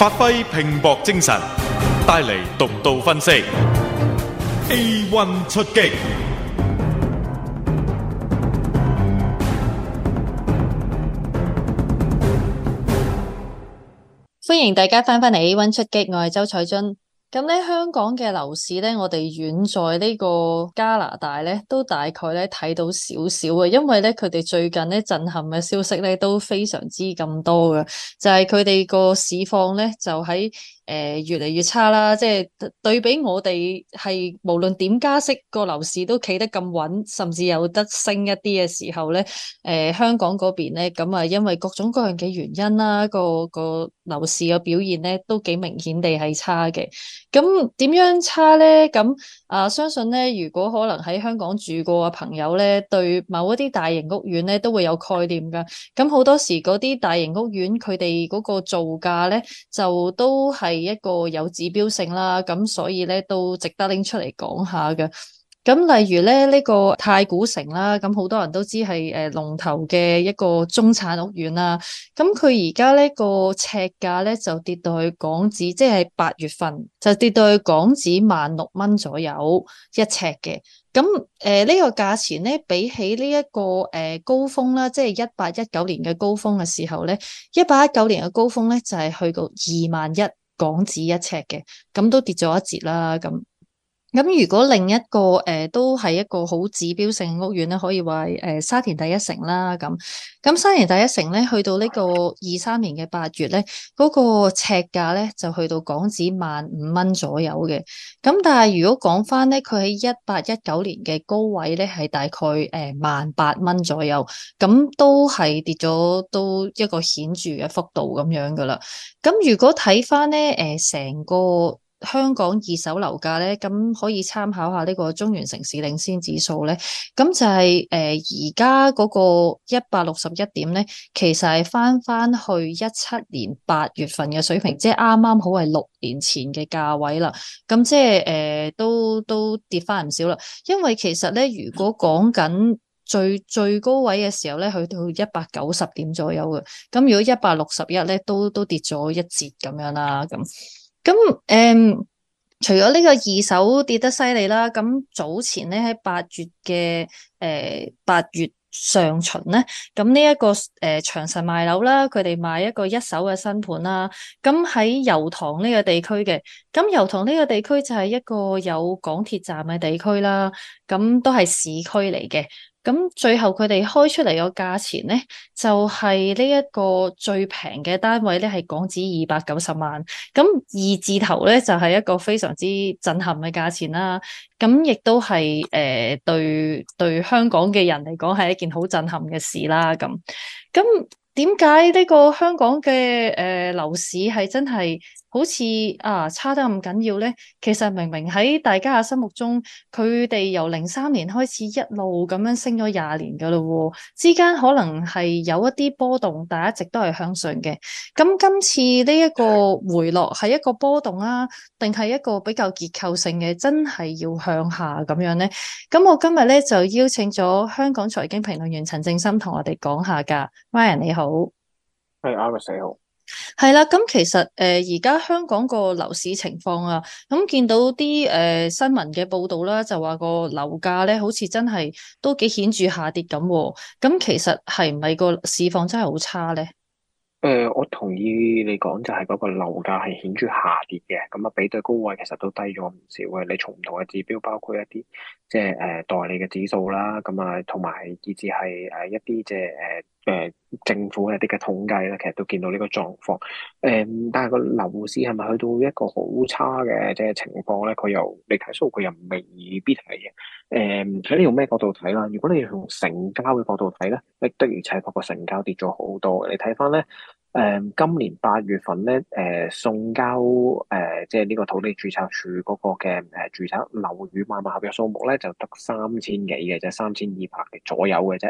發揮拼搏精神，帶嚟獨到分析。A one 出擊，歡迎大家翻返嚟 A one 出擊，我係周采蓁。咁咧，香港嘅樓市咧，我哋遠在呢個加拿大咧，都大概咧睇到少少嘅，因為咧佢哋最近咧震撼嘅消息咧都非常之咁多㗎，就係佢哋個市況咧就喺誒、呃、越嚟越差啦，即、就、係、是、對比我哋係無論點加息個樓市都企得咁穩，甚至有得升一啲嘅時候咧，誒、呃、香港嗰邊咧咁啊，因為各種各樣嘅原因啦，個個。樓市嘅表現咧都幾明顯地係差嘅，咁點樣差咧？咁啊，相信咧，如果可能喺香港住過嘅朋友咧，對某一啲大型屋苑咧都會有概念噶。咁好多時嗰啲大型屋苑，佢哋嗰個造價咧就都係一個有指標性啦，咁所以咧都值得拎出嚟講下噶。咁例如咧呢個太古城啦，咁好多人都知係誒龍頭嘅一個中產屋苑啦。咁佢而家呢個尺價咧就跌到去港紙，即係八月份就跌到去港紙萬六蚊左右一尺嘅。咁誒呢個價錢咧比起呢一個誒高峰啦，即係一八一九年嘅高峰嘅時候咧，一八一九年嘅高峰咧就係去到二萬一港紙一尺嘅，咁都跌咗一截啦。咁咁如果另一個誒、呃、都係一個好指標性屋苑咧，可以話誒、呃、沙田第一城啦，咁咁沙田第一城咧，去到個2，呢個二三年嘅八月咧，嗰、那個呎價咧就去到港紙萬五蚊左右嘅。咁但係如果講翻咧，佢喺一八一九年嘅高位咧，係大概誒萬八蚊左右，咁都係跌咗都一個顯著嘅幅度咁樣噶啦。咁如果睇翻咧，誒、呃、成個。香港二手樓價咧，咁可以參考下呢個中原城市領先指數咧。咁就係、是、誒，而家嗰個一百六十一點咧，其實係翻翻去一七年八月份嘅水平，即係啱啱好係六年前嘅價位啦。咁即係誒，都都跌翻唔少啦。因為其實咧，如果講緊最最高位嘅時候咧，去到一百九十點左右嘅。咁如果一百六十一咧，都都跌咗一截咁樣啦，咁。咁誒、嗯，除咗呢個二手跌得犀利啦，咁早前咧喺八月嘅誒八月上旬咧，咁呢一個誒、呃、長實賣樓啦，佢哋賣一個一手嘅新盤啦，咁喺油塘呢個地區嘅，咁油塘呢個地區就係一個有港鐵站嘅地區啦，咁都係市區嚟嘅。咁最後佢哋開出嚟個價錢咧，就係呢一個最平嘅單位咧，係港紙二百九十萬。咁二字頭咧，就係、是、一個非常之震撼嘅價錢啦。咁亦都係誒、呃、對對香港嘅人嚟講係一件好震撼嘅事啦。咁咁點解呢個香港嘅誒樓市係真係？好似啊差得咁緊要呢？其實明明喺大家嘅心目中，佢哋由零三年開始一路咁樣升咗廿年噶咯喎，之間可能係有一啲波動，但一直都係向上嘅。咁今次呢一個回落係一個波動啊，定係一個比較結構性嘅，真係要向下咁樣呢？咁我今日咧就邀請咗香港財經評論員陳政深同我哋講下噶，Ryan 你好，係、hey, 係啦，咁其實誒而家香港個樓市情況啊，咁見到啲誒新聞嘅報道啦，就話個樓價咧好似真係都幾顯著下跌咁。咁其實係咪個市況真係好差咧？誒，我同意你講，就係嗰個樓價係顯著下跌嘅。咁啊，比對高位其實都低咗唔少嘅。你從唔同嘅指標，包括一啲即係誒代理嘅指數啦，咁啊同埋以至係誒一啲即係誒。誒、呃，政府一啲嘅統計咧，其實都見到呢個狀況。誒、嗯，但係個樓市係咪去到一個好差嘅即係情況咧？佢又未睇數，佢又未必睇嘅。誒、嗯，睇你用咩角度睇啦？如果你用成交嘅角度睇咧，的而且確個成交跌咗好多。你睇翻咧。誒、嗯，今年八月份咧，誒、呃、送交誒、呃，即係呢個土地註冊處嗰個嘅誒、呃、註冊樓宇買賣合約數目咧，就得三千幾嘅啫，三千二百嘅左右嘅啫。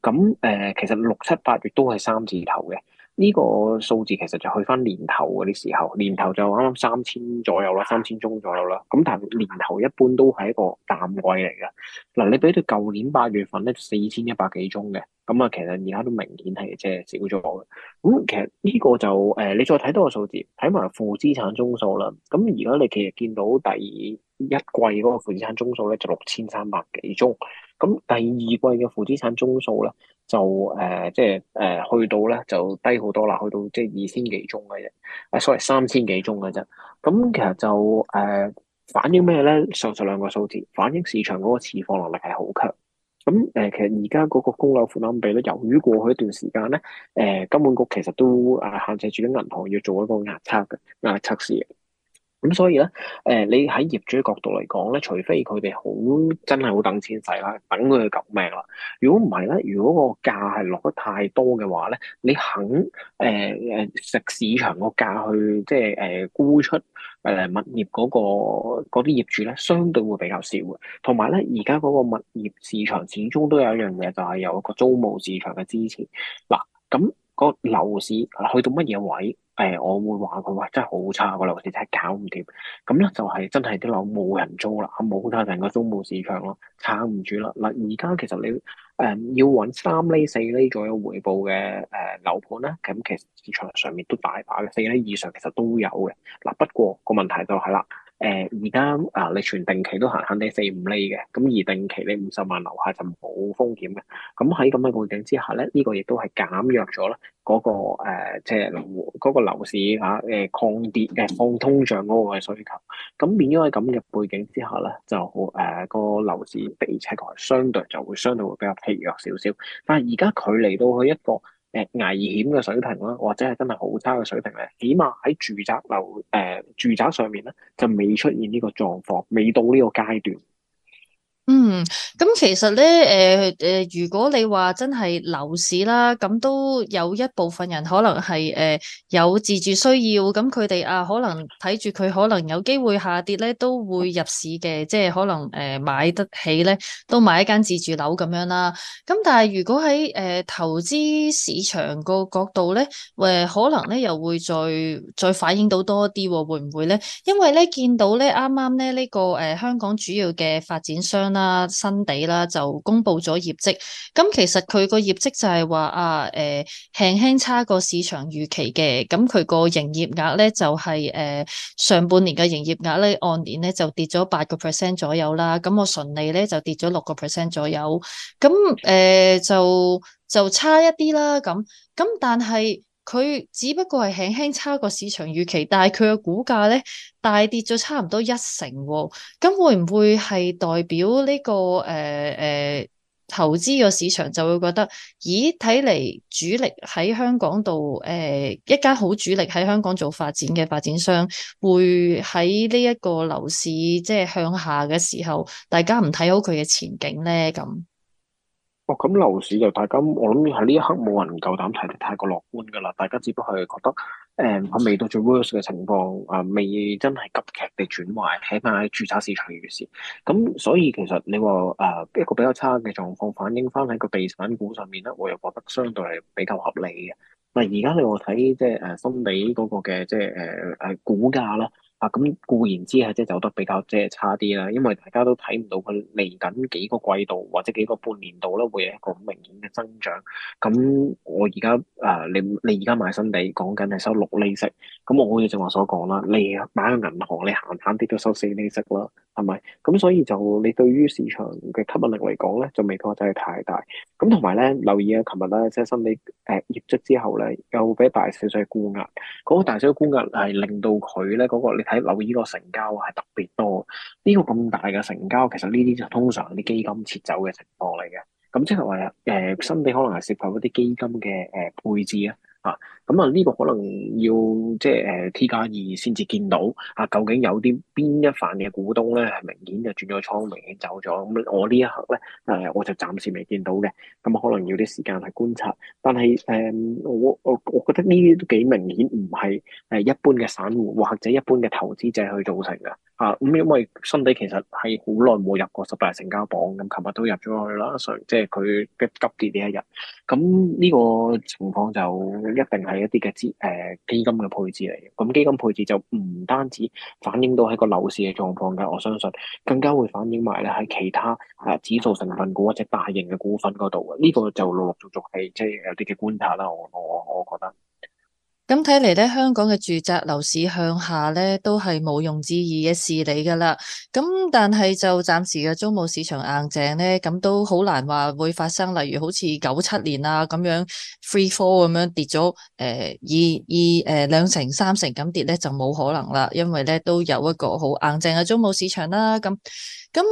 咁、嗯、誒、呃，其實六七八月都係三字頭嘅。呢個數字其實就去翻年頭嗰啲時候，年頭就啱啱三千左右啦，三千宗左右啦。咁但係年頭一般都係一個淡季嚟嘅。嗱，你比對舊年八月份咧，四千一百幾宗嘅，咁啊其實而家都明顯係即係少咗嘅。咁其實呢個就誒，你再睇多個數字，睇埋負資產宗數啦。咁而家你其實見到第一季嗰個負資產宗數咧，就六千三百幾宗，咁第二季嘅負資產宗數咧。就誒、呃，即係誒、呃，去到咧就低好多啦，去到即係二千幾宗嘅啫，誒所謂三千幾宗嘅啫。咁、嗯、其實就誒、呃、反映咩咧？上述兩個數字反映市場嗰個持貨能力係好強。咁、嗯、誒、呃，其實而家嗰個供樓負擔比咧，由於過去一段時間咧，誒、呃，金管局其實都限制住啲銀行要做一個壓測嘅壓測試嘅。咁所以咧，誒、呃，你喺業主角度嚟講咧，除非佢哋好真係好等錢使啦，等佢哋救命啦。如果唔係咧，如果個價係落得太多嘅話咧，你肯誒誒、呃、食市場個價去，即係誒沽出誒物業嗰、那個啲業主咧，相對會比較少。同埋咧，而家嗰個物業市場始終都有一樣嘢，就係、是、有一個租務市場嘅支持。嗱，咁。個樓市去到乜嘢位？誒，我會話佢話真係好差個樓市，呃、真係、那個、搞唔掂。咁咧就係真係啲樓冇人租啦，冇得成個租務市場咯，撐唔住啦。嗱，而家其實你誒、嗯、要揾三厘、四厘左右回報嘅誒樓盤咧，咁其實市場上面都大把嘅，四厘以上其實都有嘅。嗱，不過個問題就係啦。誒而家啊，你、呃呃、全定期都行 4,，肯定四五厘嘅。咁而定期你五十萬樓下就冇風險嘅。咁喺咁嘅背景之下咧，呢、呢個亦都係減弱咗啦、嗰個。嗰個即係嗰個樓市嚇誒抗跌誒抗通脹嗰個需求。咁變咗喺咁嘅背景之下咧，就誒、呃嗰個樓市被踩台，相對就會相對會比較疲弱少少。但係而家距離到去一個。誒，危險嘅水平啦，或者係真係好差嘅水平咧，起碼喺住宅樓誒、呃，住宅上面咧就未出現呢個狀況，未到呢個階段。嗯，咁其實咧，誒、呃、誒、呃，如果你話真係樓市啦，咁都有一部分人可能係誒、呃、有自住需要，咁佢哋啊可能睇住佢可能有機會下跌咧，都會入市嘅，即係可能誒、呃、買得起咧，都買一間自住樓咁樣啦。咁但係如果喺誒、呃、投資市場個角度咧，誒、呃、可能咧又會再再反映到多啲喎、啊，會唔會咧？因為咧見到咧啱啱咧呢、剛剛呢、這個誒、呃、香港主要嘅發展商啦。啊，新地啦就公布咗業績，咁其實佢個業績就係話啊，誒、呃，輕輕差個市場預期嘅，咁佢個營業額咧就係、是、誒、呃，上半年嘅營業額咧按年咧就跌咗八個 percent 左右啦，咁我純利咧就跌咗六個 percent 左右，咁誒、呃、就就差一啲啦，咁咁但係。佢只不過係輕輕差過市場預期，但係佢嘅股價咧大跌咗差唔多一成，咁會唔會係代表呢、這個誒誒、呃、投資個市場就會覺得，咦？睇嚟主力喺香港度誒、呃、一間好主力喺香港做發展嘅發展商，會喺呢一個樓市即係向下嘅時候，大家唔睇好佢嘅前景咧？咁？咁樓、哦、市就大家，我諗喺呢一刻冇人夠膽睇得太過樂觀噶啦，大家只不過係覺得，誒、呃，係未到最 worst 嘅情況，啊、呃，未真係急劇地轉壞，起碼喺註冊市場嘅事。咁所以其實你話誒、呃、一個比較差嘅狀況，反映翻喺個地產股上面咧，我又覺得相對係比較合理嘅。嗱，而家你話睇即係誒，深尾嗰個嘅即係誒誒股價咧。啊，咁固然之係即係走得比較即係差啲啦，因為大家都睇唔到佢嚟緊幾個季度或者幾個半年度咧，會有一個明顯嘅增長。咁我而家誒，你你而家買新地，講緊係收六厘息，咁我好似正話所講啦，你買個銀行，你閒閒啲都收四厘息啦，係咪？咁所以就你對於市場嘅吸引力嚟講咧，就未開真係太大。咁同埋咧，留意啊，琴日咧即係新地誒業績之後咧，又俾大少少沽壓，嗰、那個大少少沽壓係令到佢咧嗰個睇留意個成交係特別多，呢、這個咁大嘅成交，其實呢啲就通常係啲基金撤走嘅情況嚟嘅，咁即係話誒，新、呃、地可能係涉及一啲基金嘅誒、呃、配置啊。啊，咁啊呢個可能要即係誒 T 加二先至見到啊，究竟有啲邊一範嘅股東咧係明顯就轉咗倉，明顯走咗咁，我呢一刻咧誒、呃、我就暫時未見到嘅，咁、嗯、可能要啲時間去觀察，但係誒、呃、我我我覺得呢啲都幾明顯唔係誒一般嘅散戶或者一般嘅投資者去造成噶。啊，咁、嗯、因為新地其實係好耐冇入過十大成交榜，咁琴日都入咗去啦，所以即係佢急跌呢一日，咁呢個情況就一定係一啲嘅資誒、呃、基金嘅配置嚟嘅，咁基金配置就唔單止反映到喺個樓市嘅狀況嘅，我相信更加會反映埋咧喺其他啊指數成分股或者大型嘅股份嗰度啊，呢、呢個就陸陸續續係即係有啲嘅觀察啦，我我我覺得。咁睇嚟咧，香港嘅住宅樓市向下咧，都係毋庸置疑嘅事嚟噶啦。咁但係就暫時嘅租務市場硬淨咧，咁都好難話會發生，例如好似九七年啊咁樣 free fall 咁樣跌咗，誒二二誒兩成三成咁跌咧，就冇可能啦。因為咧都有一個好硬淨嘅租務市場啦。咁咁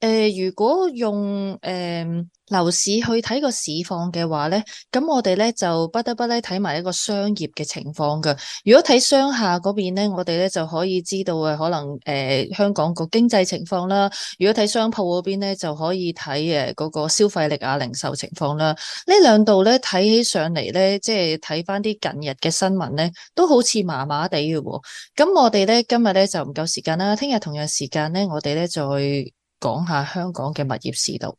誒，如果用誒，呃樓市去睇個市況嘅話咧，咁我哋咧就不得不咧睇埋一個商業嘅情況噶。如果睇商廈嗰邊咧，我哋咧就可以知道啊，可能誒、呃、香港個經濟情況啦。如果睇商鋪嗰邊咧，就可以睇誒嗰個消費力啊、零售情況啦。兩呢兩度咧睇起上嚟咧，即係睇翻啲近日嘅新聞咧，都好似麻麻地嘅喎。咁我哋咧今日咧就唔夠時間啦，聽日同樣時間咧，我哋咧再講下香港嘅物業市道。